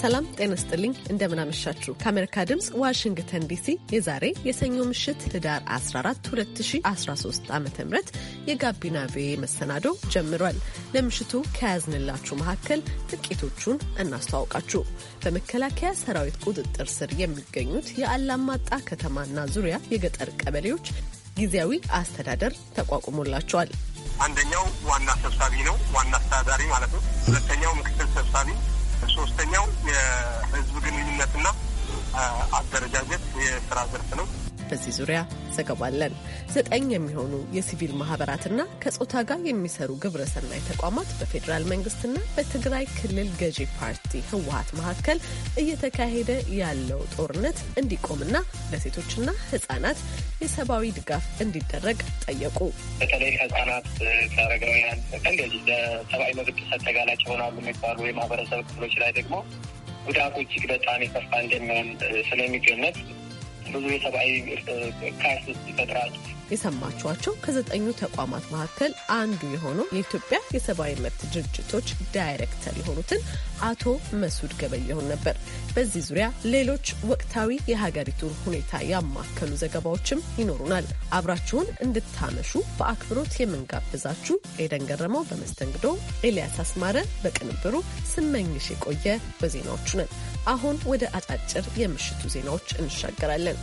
ሰላም ጤና ስጥልኝ፣ እንደምናመሻችሁ። ከአሜሪካ ድምፅ ዋሽንግተን ዲሲ የዛሬ የሰኞ ምሽት ህዳር 14 2013 ዓ ም የጋቢና ቪኦኤ መሰናዶ ጀምሯል። ለምሽቱ ከያዝንላችሁ መካከል ጥቂቶቹን እናስተዋውቃችሁ። በመከላከያ ሰራዊት ቁጥጥር ስር የሚገኙት የአላማጣ ከተማና ዙሪያ የገጠር ቀበሌዎች ጊዜያዊ አስተዳደር ተቋቁሞላቸዋል። አንደኛው ዋና ሰብሳቢ ነው፣ ዋና አስተዳዳሪ ማለት ነው። ሁለተኛው ምክትል ሰብሳቢ ሶስተኛው የህዝብ ግንኙነትና አደረጃጀት የስራ ዘርፍ ነው። በዚህ ዙሪያ ዘገባለን። ዘጠኝ የሚሆኑ የሲቪል ማህበራትና ከጾታ ጋር የሚሰሩ ግብረሰናይ ተቋማት በፌዴራል መንግስትና በትግራይ ክልል ገዢ ፓርቲ ህወሀት መካከል እየተካሄደ ያለው ጦርነት እንዲቆምና ለሴቶችና ህጻናት የሰብአዊ ድጋፍ እንዲደረግ ጠየቁ። በተለይ ከህጻናት ከአረጋውያን እንደዚህ ለሰብአዊ መብት ጥሰት ተጋላጭ ይሆናሉ የሚባሉ የማህበረሰብ ክፍሎች ላይ ደግሞ ጉዳቱ እጅግ በጣም የከፋ እንደሚሆን ስለሚገመት ብዙ የሰብአዊ ካርስ ይፈጥራል። የሰማችኋቸው ከዘጠኙ ተቋማት መካከል አንዱ የሆነው የኢትዮጵያ የሰብአዊ መብት ድርጅቶች ዳይሬክተር የሆኑትን አቶ መስዑድ ገበየሁን ነበር። በዚህ ዙሪያ ሌሎች ወቅታዊ የሀገሪቱን ሁኔታ ያማከሉ ዘገባዎችም ይኖሩናል። አብራችሁን እንድታመሹ በአክብሮት የምንጋብዛችሁ ኤደን ገረመው በመስተንግዶ፣ ኤልያስ አስማረ በቅንብሩ፣ ስመኝሽ የቆየ በዜናዎቹ ነን። አሁን ወደ አጫጭር የምሽቱ ዜናዎች እንሻገራለን።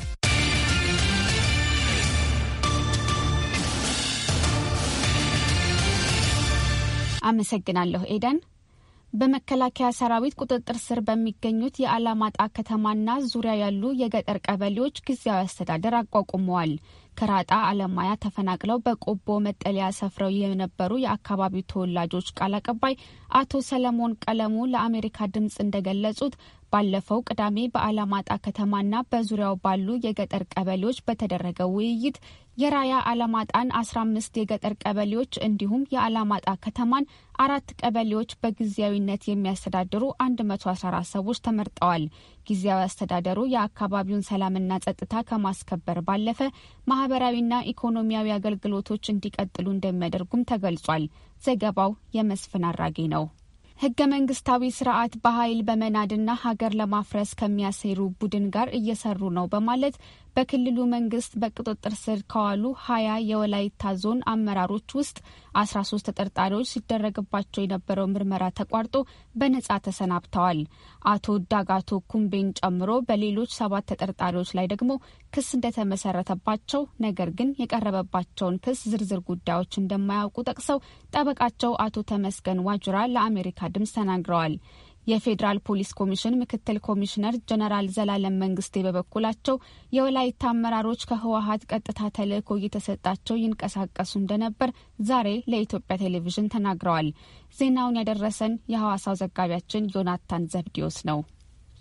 አመሰግናለሁ ኤደን። በመከላከያ ሰራዊት ቁጥጥር ስር በሚገኙት የአላማጣ ከተማና ዙሪያ ያሉ የገጠር ቀበሌዎች ጊዜያዊ አስተዳደር አቋቁመዋል። ከራጣ አለማያ ተፈናቅለው በቆቦ መጠለያ ሰፍረው የነበሩ የአካባቢው ተወላጆች ቃል አቀባይ አቶ ሰለሞን ቀለሙ ለአሜሪካ ድምፅ እንደገለጹት ባለፈው ቅዳሜ በአላማጣ ከተማና በዙሪያው ባሉ የገጠር ቀበሌዎች በተደረገው ውይይት የራያ አላማጣን አስራ አምስት የገጠር ቀበሌዎች እንዲሁም የአላማጣ ከተማን አራት ቀበሌዎች በጊዜያዊነት የሚያስተዳድሩ አንድ መቶ አስራ አራት ሰዎች ተመርጠዋል። ጊዜያዊ አስተዳደሩ የአካባቢውን ሰላምና ጸጥታ ከማስከበር ባለፈ ማህበራዊና ኢኮኖሚያዊ አገልግሎቶች እንዲቀጥሉ እንደሚያደርጉም ተገልጿል። ዘገባው የመስፍን አራጌ ነው። ህገ መንግስታዊ ስርዓት በኃይል በመናድና ሀገር ለማፍረስ ከሚያሴሩ ቡድን ጋር እየሰሩ ነው በማለት በክልሉ መንግስት በቁጥጥር ስር ከዋሉ ሀያ የወላይታ ዞን አመራሮች ውስጥ አስራ ሶስት ተጠርጣሪዎች ሲደረግባቸው የነበረው ምርመራ ተቋርጦ በነጻ ተሰናብተዋል። አቶ ዳጋቶ ኩምቤን ጨምሮ በሌሎች ሰባት ተጠርጣሪዎች ላይ ደግሞ ክስ እንደተመሰረተባቸው ነገር ግን የቀረበባቸውን ክስ ዝርዝር ጉዳዮች እንደማያውቁ ጠቅሰው ጠበቃቸው አቶ ተመስገን ዋጅራ ለአሜሪካ ድምጽ ተናግረዋል። የፌዴራል ፖሊስ ኮሚሽን ምክትል ኮሚሽነር ጀነራል ዘላለም መንግስቴ በበኩላቸው የወላይታ አመራሮች ከህወሀት ቀጥታ ተልዕኮ እየተሰጣቸው ይንቀሳቀሱ እንደነበር ዛሬ ለኢትዮጵያ ቴሌቪዥን ተናግረዋል። ዜናውን ያደረሰን የሐዋሳው ዘጋቢያችን ዮናታን ዘብዲዮስ ነው።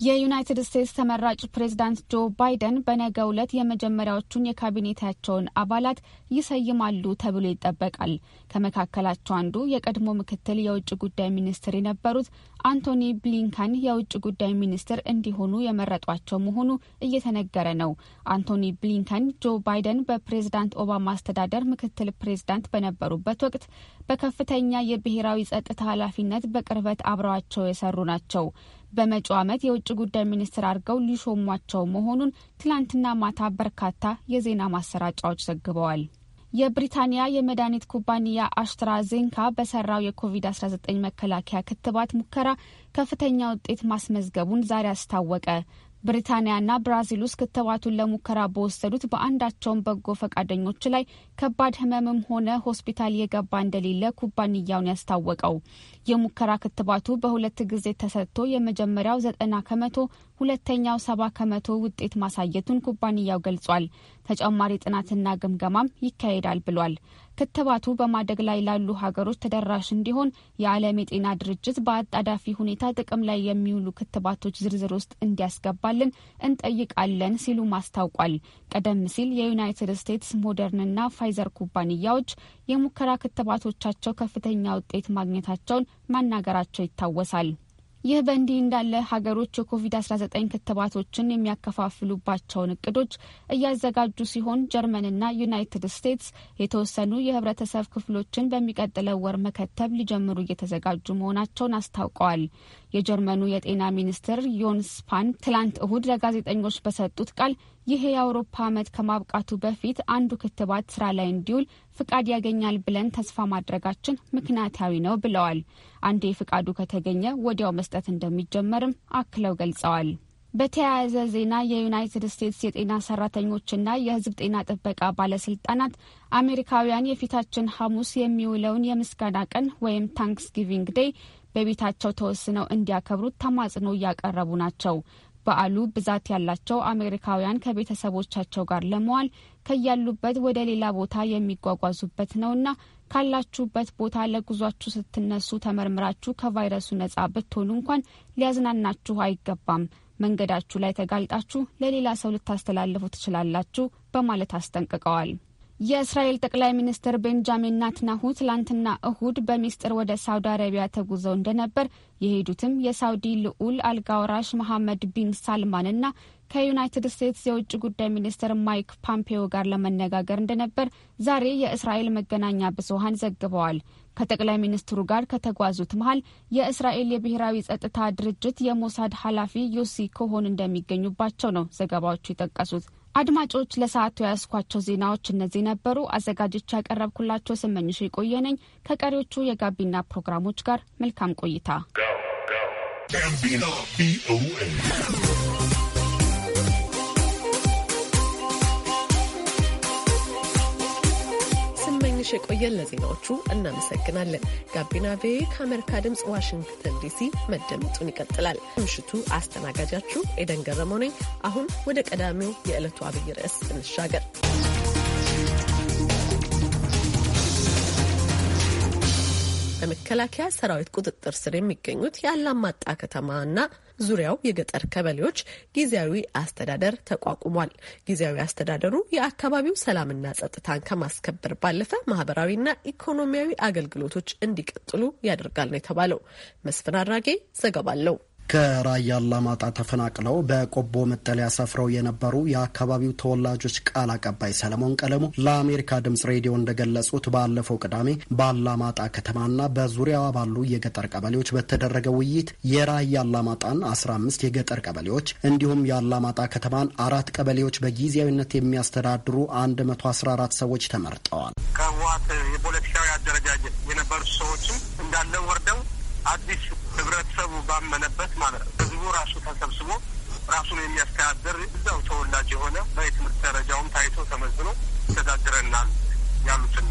የዩናይትድ ስቴትስ ተመራጭ ፕሬዚዳንት ጆ ባይደን በነገ ዕለት የመጀመሪያዎቹን የካቢኔታቸውን አባላት ይሰይማሉ ተብሎ ይጠበቃል። ከመካከላቸው አንዱ የቀድሞ ምክትል የውጭ ጉዳይ ሚኒስትር የነበሩት አንቶኒ ብሊንከን የውጭ ጉዳይ ሚኒስትር እንዲሆኑ የመረጧቸው መሆኑ እየተነገረ ነው። አንቶኒ ብሊንከን ጆ ባይደን በፕሬዝዳንት ኦባማ አስተዳደር ምክትል ፕሬዝዳንት በነበሩበት ወቅት በከፍተኛ የብሔራዊ ጸጥታ ኃላፊነት በቅርበት አብረዋቸው የሰሩ ናቸው። በመጪው ዓመት የውጭ ጉዳይ ሚኒስትር አድርገው ሊሾሟቸው መሆኑን ትላንትና ማታ በርካታ የዜና ማሰራጫዎች ዘግበዋል። የብሪታንያ የመድኃኒት ኩባንያ አስትራዜንካ በሰራው የኮቪድ-19 መከላከያ ክትባት ሙከራ ከፍተኛ ውጤት ማስመዝገቡን ዛሬ አስታወቀ። ብሪታንያና ብራዚል ውስጥ ክትባቱን ለሙከራ በወሰዱት በአንዳቸውም በጎ ፈቃደኞች ላይ ከባድ ህመምም ሆነ ሆስፒታል የገባ እንደሌለ ኩባንያውን ያስታወቀው የሙከራ ክትባቱ በሁለት ጊዜ ተሰጥቶ የመጀመሪያው ዘጠና ከመቶ ሁለተኛው ሰባ ከመቶ ውጤት ማሳየቱን ኩባንያው ገልጿል። ተጨማሪ ጥናትና ግምገማም ይካሄዳል ብሏል። ክትባቱ በማደግ ላይ ላሉ ሀገሮች ተደራሽ እንዲሆን የዓለም የጤና ድርጅት በአጣዳፊ ሁኔታ ጥቅም ላይ የሚውሉ ክትባቶች ዝርዝር ውስጥ እንዲያስገባልን እንጠይቃለን ሲሉ ማስታውቋል። ቀደም ሲል የዩናይትድ ስቴትስ ሞደርንና ፋይዘር ኩባንያዎች የሙከራ ክትባቶቻቸው ከፍተኛ ውጤት ማግኘታቸውን ማናገራቸው ይታወሳል። ይህ በእንዲህ እንዳለ ሀገሮች የኮቪድ-19 ክትባቶችን የሚያከፋፍሉባቸውን እቅዶች እያዘጋጁ ሲሆን ጀርመንና ዩናይትድ ስቴትስ የተወሰኑ የህብረተሰብ ክፍሎችን በሚቀጥለው ወር መከተብ ሊጀምሩ እየተዘጋጁ መሆናቸውን አስታውቀዋል። የጀርመኑ የጤና ሚኒስትር ዮን ስፓን ትላንት እሁድ ለጋዜጠኞች በሰጡት ቃል ይህ የአውሮፓ ዓመት ከማብቃቱ በፊት አንዱ ክትባት ስራ ላይ እንዲውል ፍቃድ ያገኛል ብለን ተስፋ ማድረጋችን ምክንያታዊ ነው ብለዋል። አንዴ ፍቃዱ ከተገኘ ወዲያው መስጠት እንደሚጀመርም አክለው ገልጸዋል። በተያያዘ ዜና የዩናይትድ ስቴትስ የጤና ሰራተኞችና የሕዝብ ጤና ጥበቃ ባለስልጣናት አሜሪካውያን የፊታችን ሐሙስ የሚውለውን የምስጋና ቀን ወይም ታንክስጊቪንግ ዴይ በቤታቸው ተወስነው እንዲያከብሩት ተማጽኖ እያቀረቡ ናቸው። በዓሉ ብዛት ያላቸው አሜሪካውያን ከቤተሰቦቻቸው ጋር ለመዋል ከያሉበት ወደ ሌላ ቦታ የሚጓጓዙበት ነውና ካላችሁበት ቦታ ለጉዟችሁ ስትነሱ ተመርምራችሁ ከቫይረሱ ነጻ ብትሆኑ እንኳን ሊያዝናናችሁ አይገባም። መንገዳችሁ ላይ ተጋልጣችሁ ለሌላ ሰው ልታስተላልፉ ትችላላችሁ በማለት አስጠንቅቀዋል። የእስራኤል ጠቅላይ ሚኒስትር ቤንጃሚን ናትናሁ ትላንትና እሁድ በሚስጥር ወደ ሳውዲ አረቢያ ተጉዘው እንደነበር የሄዱትም የሳውዲ ልዑል አልጋወራሽ መሐመድ ቢን ሳልማንና ከዩናይትድ ስቴትስ የውጭ ጉዳይ ሚኒስትር ማይክ ፓምፔዮ ጋር ለመነጋገር እንደነበር ዛሬ የእስራኤል መገናኛ ብዙሀን ዘግበዋል። ከጠቅላይ ሚኒስትሩ ጋር ከተጓዙት መሀል የእስራኤል የብሔራዊ ጸጥታ ድርጅት የሞሳድ ኃላፊ ዮሲ ኮሆን እንደሚገኙባቸው ነው ዘገባዎቹ የጠቀሱት። አድማጮች ለሰዓቱ የያዝኳቸው ዜናዎች እነዚህ ነበሩ። አዘጋጆች ያቀረብኩላቸው ስመኝሽ የቆየ ነኝ። ከቀሪዎቹ የጋቢና ፕሮግራሞች ጋር መልካም ቆይታ። ስመኝሽ የቆየን ለዜናዎቹ እናመሰግናለን። ጋቢና ቬ ከአሜሪካ ድምፅ ዋሽንግተን ዲሲ መደመጡን ይቀጥላል። ምሽቱ አስተናጋጃችሁ ኤደን ገረመው ነኝ። አሁን ወደ ቀዳሚው የዕለቱ አብይ ርዕስ እንሻገር። በመከላከያ ሰራዊት ቁጥጥር ስር የሚገኙት የአላማጣ ከተማና ዙሪያው የገጠር ቀበሌዎች ጊዜያዊ አስተዳደር ተቋቁሟል። ጊዜያዊ አስተዳደሩ የአካባቢው ሰላምና ጸጥታን ከማስከበር ባለፈ ማህበራዊና ኢኮኖሚያዊ አገልግሎቶች እንዲቀጥሉ ያደርጋል ነው የተባለው። መስፍን አድራጌ ዘገባ አለው። ከራያ አላማጣ ተፈናቅለው በቆቦ መጠለያ ሰፍረው የነበሩ የአካባቢው ተወላጆች ቃል አቀባይ ሰለሞን ቀለሙ ለአሜሪካ ድምጽ ሬዲዮ እንደገለጹት ባለፈው ቅዳሜ በአላማጣ ከተማና በዙሪያዋ ባሉ የገጠር ቀበሌዎች በተደረገ ውይይት የራያ አላማጣን 15 የገጠር ቀበሌዎች እንዲሁም የአላማጣ ከተማን አራት ቀበሌዎች በጊዜያዊነት የሚያስተዳድሩ 114 ሰዎች ተመርጠዋል። ከህወሓት የፖለቲካዊ አደረጃጀት የነበሩ ሰዎችም እንዳለ ወርደው አዲስ ህብረተሰቡ ባመነበት ማለት ነው ህዝቡ ራሱ ተሰብስቦ ራሱን የሚያስተዳድር እዛው ተወላጅ የሆነ በትምህርት ደረጃውም ታይቶ ተመዝኖ ይተዳድረናል ያሉትን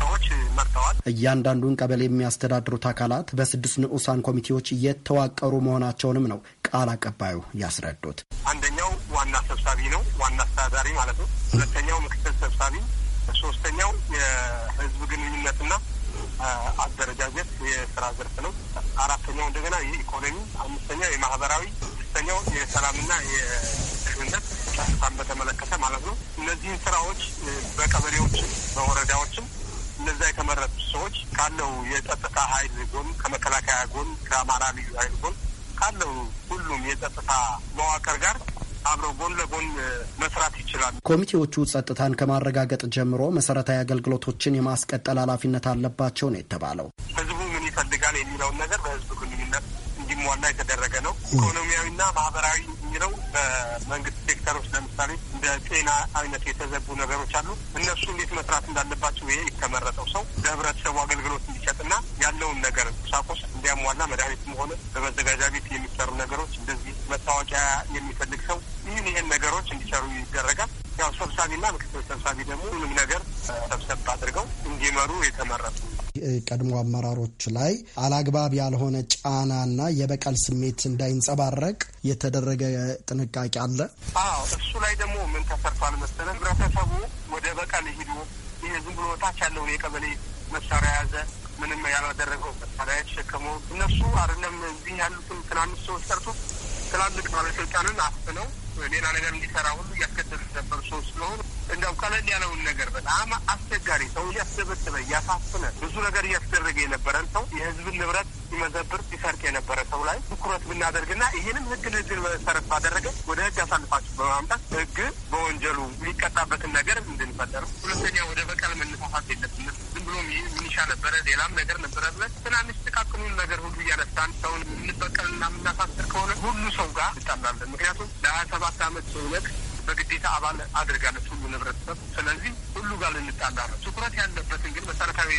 ሰዎች መርተዋል። እያንዳንዱን ቀበሌ የሚያስተዳድሩት አካላት በስድስት ንዑሳን ኮሚቴዎች እየተዋቀሩ መሆናቸውንም ነው ቃል አቀባዩ ያስረዱት። አንደኛው ዋና ሰብሳቢ ነው፣ ዋና አስተዳዳሪ ማለት ነው። ሁለተኛው ምክትል ሰብሳቢ፣ ሶስተኛው የህዝብ ግንኙነትና አደረጃጀት የስራ ዘርፍ ነው። አራተኛው እንደገና የኢኮኖሚ፣ አምስተኛው የማህበራዊ፣ ስድስተኛው የሰላምና የደህንነት ጸጥታን በተመለከተ ማለት ነው። እነዚህን ስራዎች በቀበሌዎችም በወረዳዎችም እነዛ የተመረጡ ሰዎች ካለው የጸጥታ ኃይል ጎን ከመከላከያ ጎን ከአማራ ልዩ ኃይል ጎን ካለው ሁሉም የጸጥታ መዋቅር ጋር አብረው ጎን ለጎን መስራት ይችላል። ኮሚቴዎቹ ጸጥታን ከማረጋገጥ ጀምሮ መሰረታዊ አገልግሎቶችን የማስቀጠል ኃላፊነት አለባቸው ነው የተባለው። ህዝቡ ምን ይፈልጋል የሚለውን ነገር በህዝብ ግንኙነት እንዲሟላ የተደረገ ነው። ኢኮኖሚያዊና ማህበራዊ የሚለው በመንግስት ሴክተሮች ለምሳሌ እንደ ጤና አይነት የተዘጉ ነገሮች አሉ። እነሱ እንዴት መስራት እንዳለባቸው ይሄ የተመረጠው ሰው ለህብረተሰቡ አገልግሎት እንዲ ሰብሳቢና ምክትል ሰብሳቢ ደግሞ ምንም ነገር ሰብሰብ አድርገው እንዲመሩ የተመረጡ ቀድሞ አመራሮች ላይ አላግባብ ያልሆነ ጫናና የበቀል ስሜት እንዳይንጸባረቅ የተደረገ ጥንቃቄ አለ። አዎ እሱ ላይ ደግሞ ምን ተሰርቷል መሰለ፣ ህብረተሰቡ ወደ በቀል ሂዶ ይህ ዝም ብሎ ታች ያለውን የቀበሌ መሳሪያ የያዘ ምንም ያላደረገው መሳሪያ የተሸከመው እነሱ አይደለም እዚህ ያሉትም ትናንሽ ሰዎች ቀርቶ ትላልቅ ባለስልጣንን አፍነው ሌላ ነገር እንዲሰራ ሁሉ እያስከተሉ ነበር። ሰው ስለሆኑ እንዲያው ቀለል ያለውን ነገር በጣም አስቸጋሪ ሰው እያስደበሰበ እያሳፍነ ብዙ ነገር እያስደረገ የነበረን ሰው የህዝብን ንብረት ሲመዘብር ሲሰርቅ የነበረ ሰው ላይ ትኩረት ብናደርግና ይህንም ህግን ህግን መሰረት ባደረገ ወደ ህግ አሳልፋችሁ በማምጣት ህግ በወንጀሉ የሚቀጣበትን ነገር እንድንፈጠር፣ ሁለተኛ ወደ በቀል መነሳሳት የለብንም። ዝም ብሎ ይህ ምንሻ ነበረ፣ ሌላም ነገር ነበረ ብለን ትናንሽ ጥቃቅኑን ነገር ሁሉ እያነሳን ሰውን የምንበቀልና የምናሳስር ከሆነ ሁሉ ሰው ጋር እንጣላለን። ምክንያቱም ለሀያ ሰባት አመት ሰውነት በግዴታ አባል አድርጋለች ሁሉ ህብረተሰብ። ስለዚህ ሁሉ ጋር ልንጣላ ነው። ትኩረት ያለበትን ግን መሰረታዊ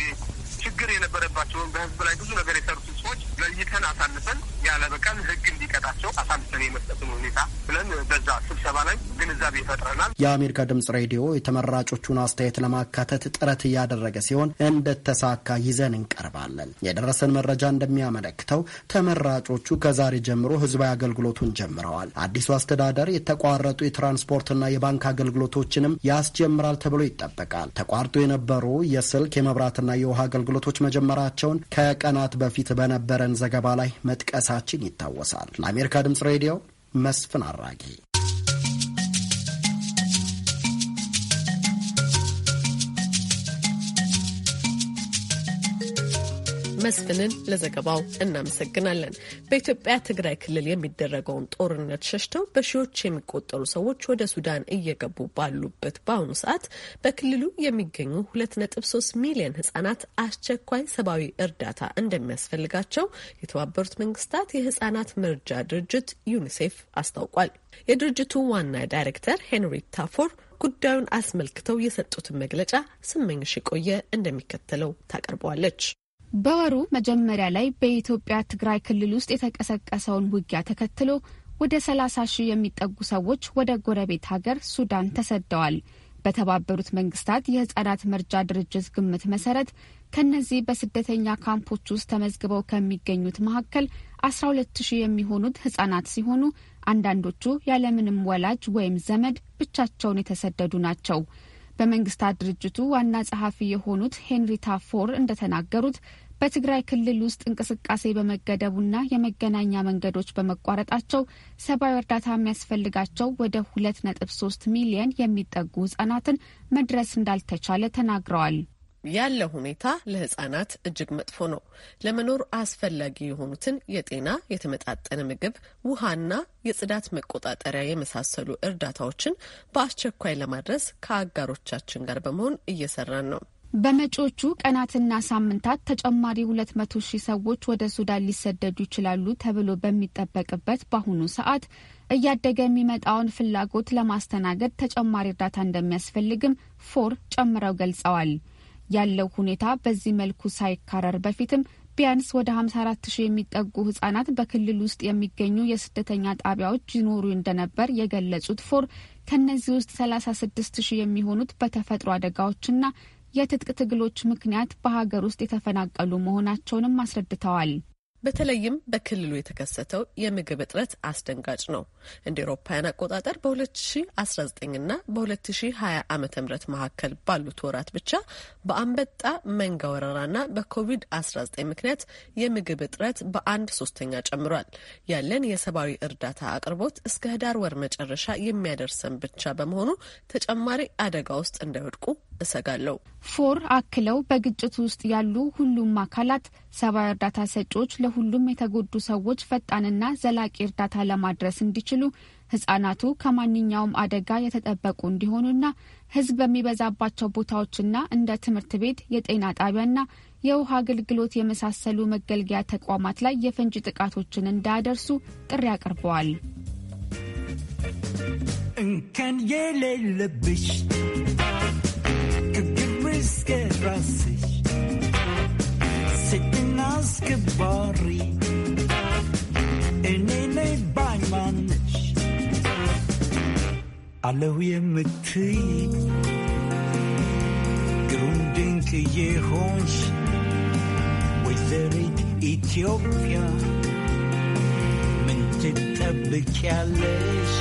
ችግር የነበረባቸውን በህዝብ ላይ ብዙ ነገር የሰሩት ግለሰቦች ለይተን አሳልፈን ያለ በቀል ህግ እንዲቀጣቸው አሳልፈን የመስጠትን ሁኔታ ብለን በዛ ስብሰባ ላይ ግንዛቤ ይፈጥረናል። የአሜሪካ ድምጽ ሬዲዮ የተመራጮቹን አስተያየት ለማካተት ጥረት እያደረገ ሲሆን እንደተሳካ ይዘን እንቀርባለን። የደረሰን መረጃ እንደሚያመለክተው ተመራጮቹ ከዛሬ ጀምሮ ህዝባዊ አገልግሎቱን ጀምረዋል። አዲሱ አስተዳደር የተቋረጡ የትራንስፖርትና የባንክ አገልግሎቶችንም ያስጀምራል ተብሎ ይጠበቃል። ተቋርጦ የነበሩ የስልክ የመብራትና የውሃ አገልግሎቶች መጀመራቸውን ከቀናት በፊት በነ በነበረን ዘገባ ላይ መጥቀሳችን ይታወሳል። ለአሜሪካ ድምጽ ሬዲዮ መስፍን አራጌ መስፍንን ለዘገባው እናመሰግናለን። በኢትዮጵያ ትግራይ ክልል የሚደረገውን ጦርነት ሸሽተው በሺዎች የሚቆጠሩ ሰዎች ወደ ሱዳን እየገቡ ባሉበት በአሁኑ ሰዓት በክልሉ የሚገኙ 2.3 ሚሊዮን ህጻናት አስቸኳይ ሰብአዊ እርዳታ እንደሚያስፈልጋቸው የተባበሩት መንግስታት የህጻናት መርጃ ድርጅት ዩኒሴፍ አስታውቋል። የድርጅቱ ዋና ዳይሬክተር ሄንሪ ታፎር ጉዳዩን አስመልክተው የሰጡትን መግለጫ ስመኝሽ የቆየ እንደሚከተለው ታቀርበዋለች። በወሩ መጀመሪያ ላይ በኢትዮጵያ ትግራይ ክልል ውስጥ የተቀሰቀሰውን ውጊያ ተከትሎ ወደ 30 ሺህ የሚጠጉ ሰዎች ወደ ጎረቤት ሀገር ሱዳን ተሰደዋል። በተባበሩት መንግስታት የህጻናት መርጃ ድርጅት ግምት መሰረት ከነዚህ በስደተኛ ካምፖች ውስጥ ተመዝግበው ከሚገኙት መካከል 12 ሺህ የሚሆኑት ህጻናት ሲሆኑ አንዳንዶቹ ያለምንም ወላጅ ወይም ዘመድ ብቻቸውን የተሰደዱ ናቸው። በመንግስታት ድርጅቱ ዋና ጸሐፊ የሆኑት ሄንሪታ ፎር እንደተናገሩት በትግራይ ክልል ውስጥ እንቅስቃሴ በመገደቡና የመገናኛ መንገዶች በመቋረጣቸው ሰብአዊ እርዳታ የሚያስፈልጋቸው ወደ ሁለት ነጥብ ሶስት ሚሊየን የሚጠጉ ህጻናትን መድረስ እንዳልተቻለ ተናግረዋል። ያለ ሁኔታ ለህጻናት እጅግ መጥፎ ነው። ለመኖር አስፈላጊ የሆኑትን የጤና፣ የተመጣጠነ ምግብ፣ ውሃና የጽዳት መቆጣጠሪያ የመሳሰሉ እርዳታዎችን በአስቸኳይ ለማድረስ ከአጋሮቻችን ጋር በመሆን እየሰራን ነው። በመጪዎቹ ቀናትና ሳምንታት ተጨማሪ ሁለት መቶ ሺህ ሰዎች ወደ ሱዳን ሊሰደዱ ይችላሉ ተብሎ በሚጠበቅበት በአሁኑ ሰዓት እያደገ የሚመጣውን ፍላጎት ለማስተናገድ ተጨማሪ እርዳታ እንደሚያስፈልግም ፎር ጨምረው ገልጸዋል። ያለው ሁኔታ በዚህ መልኩ ሳይካረር በፊትም ቢያንስ ወደ 54 ሺህ የሚጠጉ ህጻናት በክልል ውስጥ የሚገኙ የስደተኛ ጣቢያዎች ይኖሩ እንደነበር የገለጹት ፎር ከእነዚህ ውስጥ 36 ሺህ የሚሆኑት በተፈጥሮ አደጋዎችና የትጥቅ ትግሎች ምክንያት በሀገር ውስጥ የተፈናቀሉ መሆናቸውንም አስረድተዋል። በተለይም በክልሉ የተከሰተው የምግብ እጥረት አስደንጋጭ ነው። እንደ ኤሮፓውያን አቆጣጠር በ2019ና በ2020 ዓ ም መካከል ባሉት ወራት ብቻ በአንበጣ መንጋ ወረራና በኮቪድ-19 ምክንያት የምግብ እጥረት በአንድ ሶስተኛ ጨምሯል። ያለን የሰብአዊ እርዳታ አቅርቦት እስከ ህዳር ወር መጨረሻ የሚያደርሰን ብቻ በመሆኑ ተጨማሪ አደጋ ውስጥ እንዳይወድቁ እሰጋለሁ። ፎር አክለው በግጭቱ ውስጥ ያሉ ሁሉም አካላት ሰብአዊ እርዳታ ሰጪዎች ለሁሉም የተጎዱ ሰዎች ፈጣንና ዘላቂ እርዳታ ለማድረስ እንዲችሉ ህጻናቱ ከማንኛውም አደጋ የተጠበቁ እንዲሆኑና ህዝብ በሚበዛባቸው ቦታዎችና እንደ ትምህርት ቤት፣ የጤና ጣቢያና የውሃ አገልግሎት የመሳሰሉ መገልገያ ተቋማት ላይ የፈንጂ ጥቃቶችን እንዳያደርሱ ጥሪ አቅርበዋል። እንከን የሌለብሽ riske rassig Sitten askebari Önüne baymanış Aleviye mıtıy Grundin ki yehonş Wezerit Ethiopia Min tittabik yaleş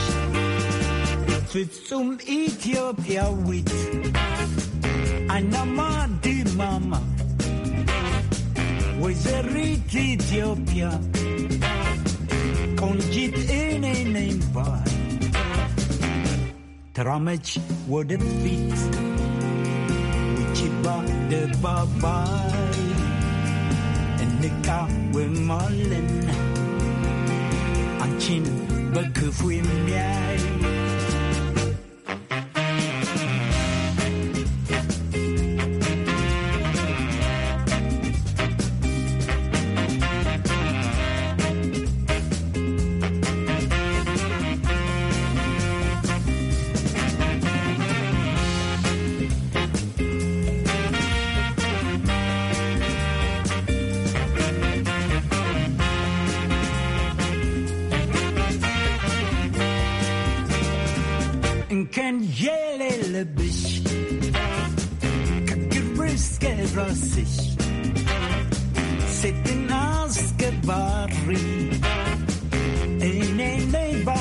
Fitsum Ethiopia wit anama di mama وزريت إثيوبيا كون جيت إني نيمباي ترامج ودفيت وجيبا دباباي النكا ومالن አንቺን በክፉ የሚያይ can kan ge lille bitch Kaggebrösket bra sich Sitt din aske var i ain't en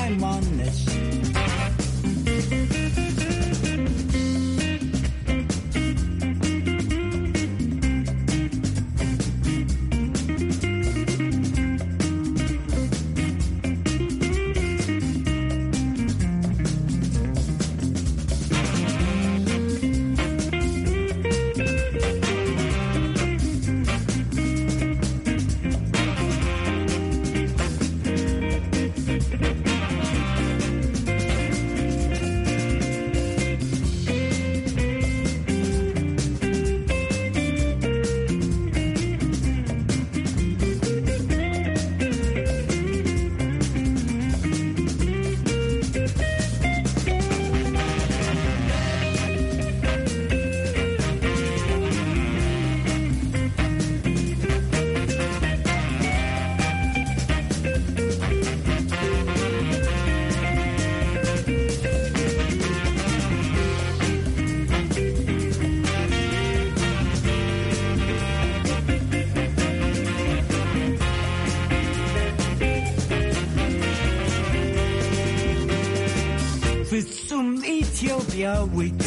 week.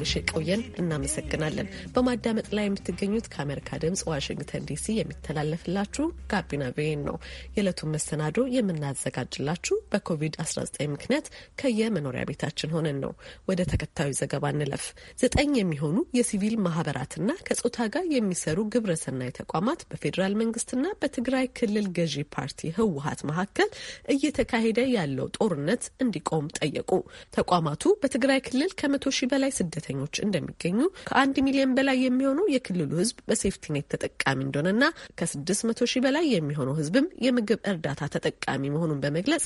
ስመኝሽ የቆየን እናመሰግናለን። በማዳመጥ ላይ የምትገኙት ከአሜሪካ ድምጽ ዋሽንግተን ዲሲ የሚተላለፍላችሁ ጋቢና ቬን ነው። የዕለቱን መሰናዶ የምናዘጋጅላችሁ በኮቪድ-19 ምክንያት ከየመኖሪያ ቤታችን ሆነን ነው። ወደ ተከታዩ ዘገባ እንለፍ። ዘጠኝ የሚሆኑ የሲቪል ማህበራትና ከጾታ ጋር የሚሰሩ ግብረሰናይ ተቋማት በፌዴራል መንግስትና በትግራይ ክልል ገዢ ፓርቲ ህወሀት መካከል እየተካሄደ ያለው ጦርነት እንዲቆም ጠየቁ። ተቋማቱ በትግራይ ክልል ከመቶ ሺህ በላይ ስደተ ስደተኞች እንደሚገኙ ከአንድ ሚሊዮን በላይ የሚሆኑ የክልሉ ህዝብ በሴፍቲኔት ተጠቃሚ እንደሆነና ከስድስት መቶ ሺህ በላይ የሚሆነው ህዝብም የምግብ እርዳታ ተጠቃሚ መሆኑን በመግለጽ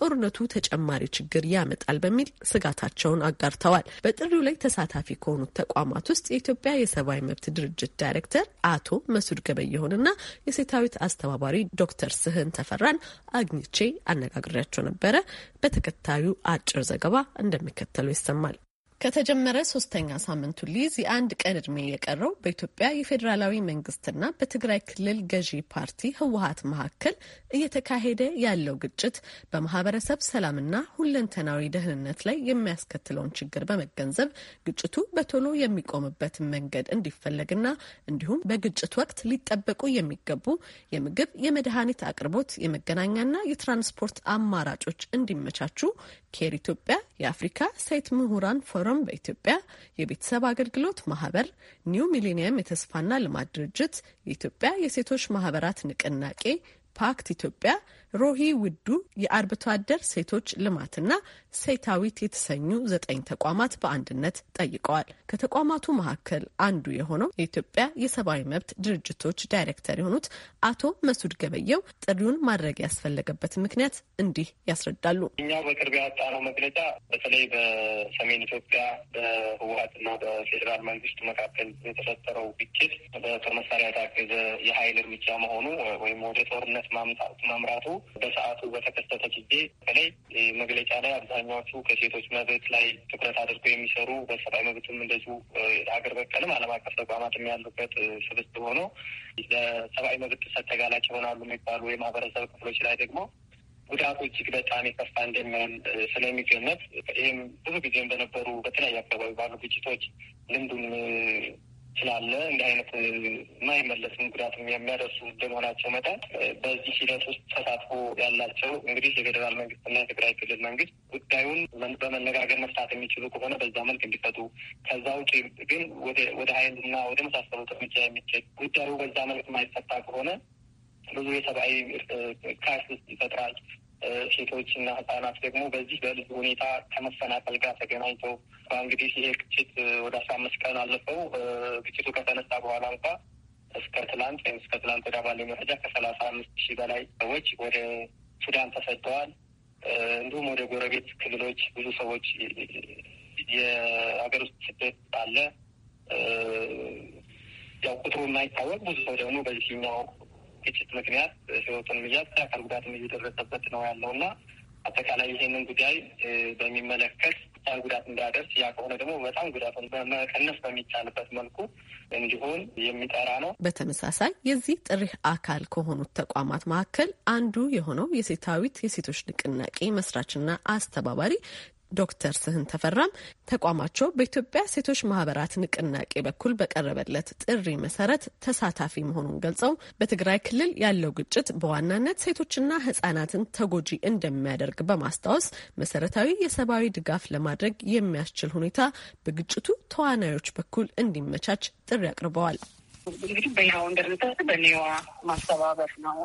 ጦርነቱ ተጨማሪ ችግር ያመጣል በሚል ስጋታቸውን አጋርተዋል። በጥሪው ላይ ተሳታፊ ከሆኑት ተቋማት ውስጥ የኢትዮጵያ የሰብአዊ መብት ድርጅት ዳይሬክተር አቶ መሱድ ገበየሁንና የሴታዊት አስተባባሪ ዶክተር ስህን ተፈራን አግኝቼ አነጋግሬያቸው ነበረ። በተከታዩ አጭር ዘገባ እንደሚከተለው ይሰማል። ከተጀመረ ሶስተኛ ሳምንቱ ሊዝ የአንድ ቀን እድሜ የቀረው በኢትዮጵያ የፌዴራላዊ መንግስትና በትግራይ ክልል ገዢ ፓርቲ ህወሀት መካከል እየተካሄደ ያለው ግጭት በማህበረሰብ ሰላምና ሁለንተናዊ ደህንነት ላይ የሚያስከትለውን ችግር በመገንዘብ ግጭቱ በቶሎ የሚቆምበትን መንገድ እንዲፈለግና እንዲሁም በግጭት ወቅት ሊጠበቁ የሚገቡ የምግብ፣ የመድኃኒት አቅርቦት፣ የመገናኛና የትራንስፖርት አማራጮች እንዲመቻቹ ኬር ኢትዮጵያ የአፍሪካ ሴት ምሁራን ፎ ፎረም በኢትዮጵያ የቤተሰብ አገልግሎት ማህበር፣ ኒው ሚሊኒየም የተስፋና ልማት ድርጅት፣ የኢትዮጵያ የሴቶች ማህበራት ንቅናቄ፣ ፓክት ኢትዮጵያ፣ ሮሂ ውዱ የአርብቶ አደር ሴቶች ልማትና ሴታዊት የተሰኙ ዘጠኝ ተቋማት በአንድነት ጠይቀዋል። ከተቋማቱ መካከል አንዱ የሆነው የኢትዮጵያ የሰብአዊ መብት ድርጅቶች ዳይሬክተር የሆኑት አቶ መሱድ ገበየው ጥሪውን ማድረግ ያስፈለገበት ምክንያት እንዲህ ያስረዳሉ። እኛ በቅርብ ያወጣነው መግለጫ በተለይ በሰሜን ኢትዮጵያ በህወሀትና በፌዴራል መንግስት መካከል የተፈጠረው ግጭት በጦር መሳሪያ የታገዘ የሀይል እርምጃ መሆኑ ወይም ወደ ጦርነት መምራቱ በሰዓቱ በተከሰተ ጊዜ በተለይ መግለጫ ላይ አብዛኛዎቹ ከሴቶች መብት ላይ ትኩረት አድርገው የሚሰሩ በሰብአዊ መብትም እንደዚሁ ሀገር በቀልም ዓለም አቀፍ ተቋማትም ያሉበት ስብስብ ሆኖ ለሰብአዊ መብት ጥሰት ተጋላጭ ይሆናሉ የሚባሉ የማህበረሰብ ክፍሎች ላይ ደግሞ ጉዳቱ እጅግ በጣም የከፋ እንደሚሆን ስለሚገመት ይህም ብዙ ጊዜም በነበሩ በተለያዩ አካባቢ ባሉ ግጭቶች ልምዱን ስላለ እንደ አይነት የማይመለስም ጉዳት የሚያደርሱ እንደመሆናቸው መጠን በዚህ ሂደት ውስጥ ተሳትፎ ያላቸው እንግዲህ የፌዴራል መንግስትና የትግራይ ክልል መንግስት ጉዳዩን በመነጋገር መፍታት የሚችሉ ከሆነ በዛ መልክ እንዲፈቱ፣ ከዛ ውጭ ግን ወደ ሀይልና ወደ መሳሰሉት እርምጃ የሚችል ጉዳዩ በዛ መልክ የማይፈታ ከሆነ ብዙ የሰብአዊ ክራይሲስ ይፈጥራል። ሴቶች እና ህጻናት ደግሞ በዚህ በልዩ ሁኔታ ከመፈናቀል ጋር ተገናኝቶ እንግዲህ ይሄ ግጭት ወደ አስራ አምስት ቀን አለፈው። ግጭቱ ከተነሳ በኋላ እንኳ እስከ ትላንት ወይም እስከ ትላንት ወደ ባለው መረጃ ከሰላሳ አምስት ሺህ በላይ ሰዎች ወደ ሱዳን ተሰደዋል። እንዲሁም ወደ ጎረቤት ክልሎች ብዙ ሰዎች የሀገር ውስጥ ስደት አለ። ያው ቁጥሩ የማይታወቅ ብዙ ሰው ደግሞ በዚህኛው ግጭት ምክንያት ህይወቱን ምያዝ አካል ጉዳትም እየደረሰበት ነው ያለው እና አጠቃላይ ይሄንን ጉዳይ በሚመለከት ብቻ ጉዳት እንዳደርስ ያ ከሆነ ደግሞ በጣም ጉዳቱን በመቀነስ በሚቻልበት መልኩ እንዲሆን የሚጠራ ነው። በተመሳሳይ የዚህ ጥሪ አካል ከሆኑት ተቋማት መካከል አንዱ የሆነው የሴታዊት የሴቶች ንቅናቄ መስራችና አስተባባሪ ዶክተር ስህን ተፈራም ተቋማቸው በኢትዮጵያ ሴቶች ማህበራት ንቅናቄ በኩል በቀረበለት ጥሪ መሰረት ተሳታፊ መሆኑን ገልጸው በትግራይ ክልል ያለው ግጭት በዋናነት ሴቶችና ህጻናትን ተጎጂ እንደሚያደርግ በማስታወስ መሰረታዊ የሰብአዊ ድጋፍ ለማድረግ የሚያስችል ሁኔታ በግጭቱ ተዋናዮች በኩል እንዲመቻች ጥሪ አቅርበዋል። እንግዲህ በይሃው እንደምታውቅ በኔዋ ማስተባበር ነው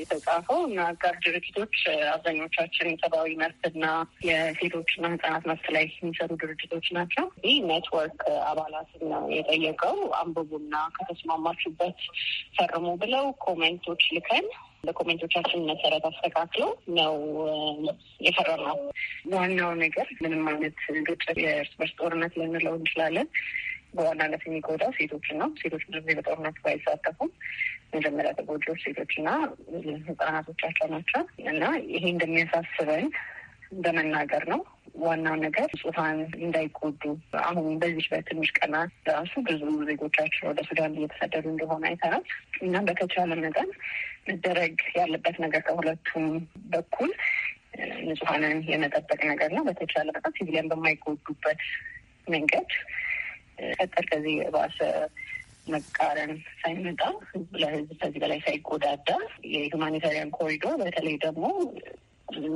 የተጻፈው እና አጋር ድርጅቶች አብዛኞቻችን ሰብአዊ መብትና የሴቶችና ህጻናት መብት ላይ የሚሰሩ ድርጅቶች ናቸው። ይህ ኔትወርክ አባላትን ነው የጠየቀው። አንብቡና ከተስማማችሁበት ፈርሙ ብለው ኮሜንቶች ልከን በኮሜንቶቻችን መሰረት አስተካክለው ነው የፈረምነው። ዋናው ነገር ምንም አይነት ግጭት፣ የእርስ በርስ ጦርነት ልንለው እንችላለን በዋናነት የሚጎዳው ሴቶች ነው። ሴቶች ብዙ ጊዜ በጦርነት ባይሳተፉም መጀመሪያ ተጎጂዎች ሴቶችና ህጻናቶቻቸው ናቸው እና ይሄ እንደሚያሳስበን በመናገር ነው። ዋናው ነገር ጾታን እንዳይጎዱ አሁን በዚህ በትንሽ ቀናት ራሱ ብዙ ዜጎቻቸው ወደ ሱዳን እየተሰደዱ እንደሆነ አይተናል። እና በተቻለ መጠን መደረግ ያለበት ነገር ከሁለቱም በኩል ንጹሐንን የመጠበቅ ነገር ነው። በተቻለ መጠን ሲቪሊያን በማይጎዱበት መንገድ ቀጠል ከዚህ የባሰ መቃረን ሳይመጣ ለህዝብ ከዚህ በላይ ሳይጎዳዳ የሁማኒታሪያን ኮሪዶር በተለይ ደግሞ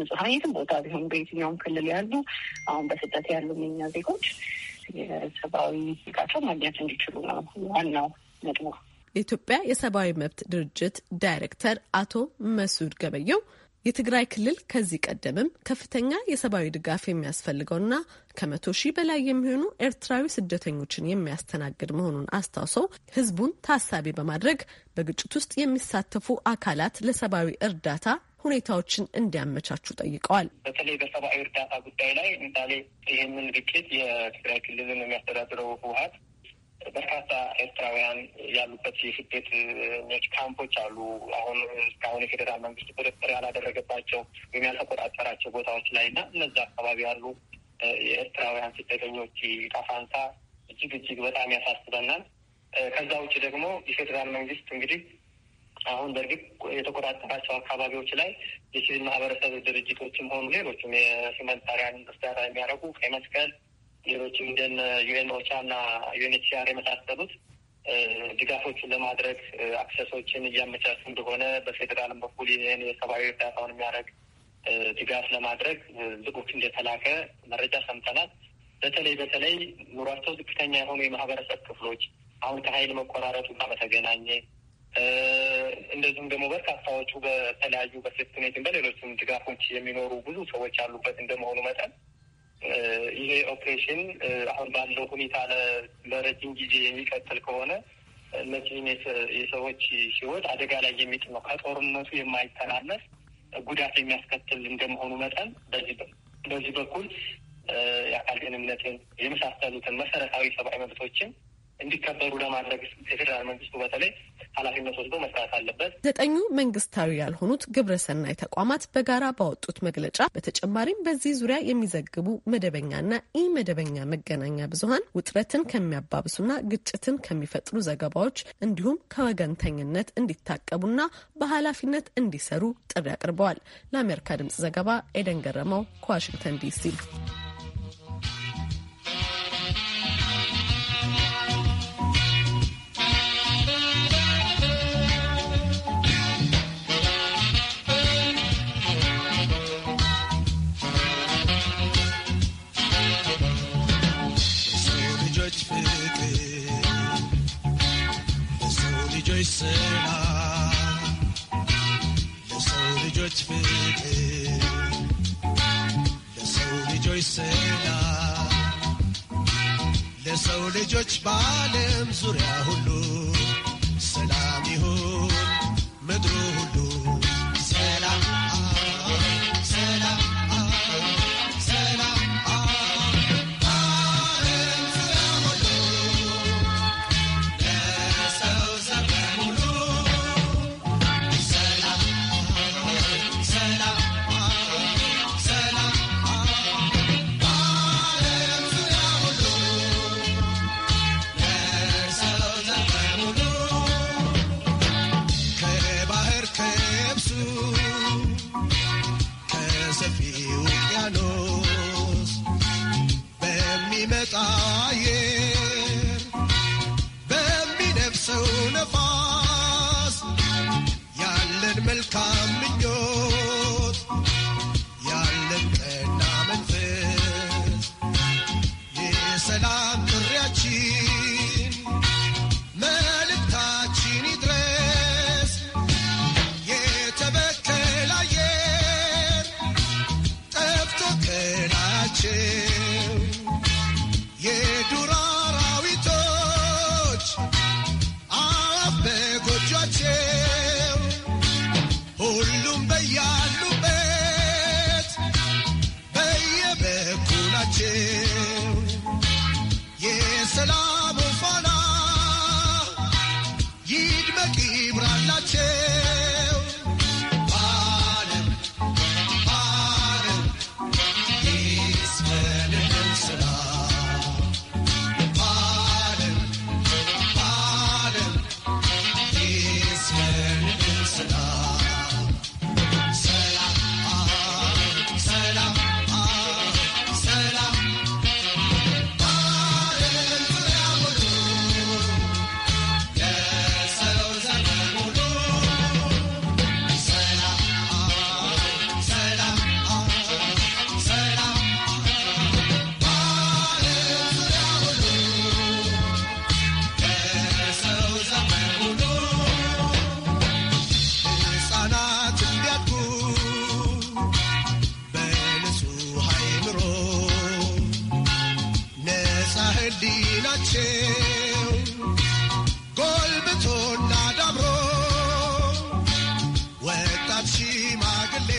ንጹሐን የትም ቦታ ቢሆን በየትኛውም ክልል ያሉ አሁን በስደት ያሉ የኛ ዜጎች የሰብአዊ ቃቸው ማግኘት እንዲችሉ ነው ዋናው ነጥቡ። የኢትዮጵያ የሰብአዊ መብት ድርጅት ዳይሬክተር አቶ መስድ ገበየው የትግራይ ክልል ከዚህ ቀደምም ከፍተኛ የሰብአዊ ድጋፍ የሚያስፈልገውና ከመቶ ሺህ በላይ የሚሆኑ ኤርትራዊ ስደተኞችን የሚያስተናግድ መሆኑን አስታውሰው ህዝቡን ታሳቢ በማድረግ በግጭት ውስጥ የሚሳተፉ አካላት ለሰብአዊ እርዳታ ሁኔታዎችን እንዲያመቻቹ ጠይቀዋል። በተለይ በሰብአዊ እርዳታ ጉዳይ ላይ ምሳሌ ይህንን ግጭት የትግራይ ክልልን የሚያስተዳድረው ህወሀት በርካታ ኤርትራውያን ያሉበት የስደተኞች ካምፖች አሉ። አሁን እስካሁን የፌዴራል መንግስት ቁጥጥር ያላደረገባቸው ወይም ያልተቆጣጠራቸው ቦታዎች ላይ እና እነዛ አካባቢ ያሉ የኤርትራውያን ስደተኞች ጣፋንታ እጅግ እጅግ በጣም ያሳስበናል። ከዛ ውጭ ደግሞ የፌዴራል መንግስት እንግዲህ አሁን በእርግጥ የተቆጣጠራቸው አካባቢዎች ላይ የሲቪል ማህበረሰብ ድርጅቶችም ሆኑ ሌሎችም የሂውማኒታሪያን እርዳታ የሚያደርጉ ቀይ መስቀል ሌሎችም እንደነ ዩኤን ኦቻ እና ዩኤንኤችሲአር የመሳሰሉት ድጋፎችን ለማድረግ አክሰሶችን እያመቻቹ እንደሆነ በፌዴራልም በኩል ይህን የሰብአዊ እርዳታውን የሚያደርግ ድጋፍ ለማድረግ ልዑክ እንደተላከ መረጃ ሰምተናል። በተለይ በተለይ ኑሯቸው ዝቅተኛ የሆኑ የማህበረሰብ ክፍሎች አሁን ከሀይል መቆራረጡ ጋር በተገናኘ እንደዚሁም ደግሞ በርካታዎቹ በተለያዩ በሴፍትኔትን በሌሎችም ድጋፎች የሚኖሩ ብዙ ሰዎች ያሉበት እንደመሆኑ መጠን ይሄ ኦፕሬሽን አሁን ባለው ሁኔታ ለረጅም ጊዜ የሚቀጥል ከሆነ እነዚህን የሰዎች ህይወት አደጋ ላይ የሚጥል ነው። ከጦርነቱ የማይተናነስ ጉዳት የሚያስከትል እንደመሆኑ መጠን በዚህ በኩል የአካል ደህንነትን የመሳሰሉትን መሰረታዊ ሰብአዊ መብቶችን እንዲከበሩ ለማድረግ የፌዴራል መንግስቱ በተለይ ኃላፊነት ወስዶ መስራት አለበት። ዘጠኙ መንግስታዊ ያልሆኑት ግብረሰናይ ተቋማት በጋራ ባወጡት መግለጫ በተጨማሪም በዚህ ዙሪያ የሚዘግቡ መደበኛና ኢ መደበኛ መገናኛ ብዙሀን ውጥረትን ከሚያባብሱና ግጭትን ከሚፈጥሩ ዘገባዎች እንዲሁም ከወገንተኝነት እንዲታቀቡና በኃላፊነት እንዲሰሩ ጥሪ አቅርበዋል። ለአሜሪካ ድምጽ ዘገባ ኤደን ገረመው ከዋሽንግተን ዲሲ ስራ ልጆች ፍቅር ልጆች ሰላም ልጆች በዓለም ዙሪያ ሁሉ በሰፊ ውቅያኖስ በሚመጣ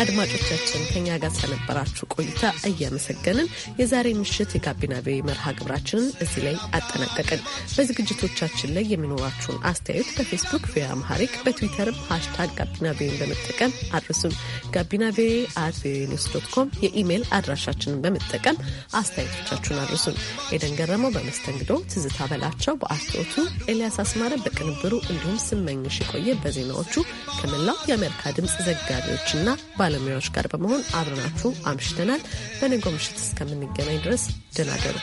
አድማጮቻችን ከኛ ጋር ስለነበራችሁ ቆይታ እያመሰገንን የዛሬ ምሽት የጋቢና ቤ መርሃ ግብራችንን እዚህ ላይ አጠናቀቅን። በዝግጅቶቻችን ላይ የሚኖራችሁን አስተያየት በፌስቡክ ቪ አምሃሪክ በትዊተርም ሃሽታግ ጋቢና ቤን በመጠቀም አድርሱን። ጋቢና ቤ አት ቪኦኤ ኒውስ ዶት ኮም የኢሜይል አድራሻችንን በመጠቀም አስተያየቶቻችሁን አድርሱን። ኤደን ገረመው በመስተንግዶ፣ ትዝታ በላቸው በአስተዎቱ፣ ኤልያስ አስማረ በቅንብሩ እንዲሁም ስመኝሽ የቆየ በዜናዎቹ ከመላው የአሜሪካ ድምፅ ዘጋቢዎችና ባ ባለሙያዎች ጋር በመሆን አብረናችሁ አምሽተናል። በነገው ምሽት እስከምንገናኝ ድረስ ደህና ደሩ።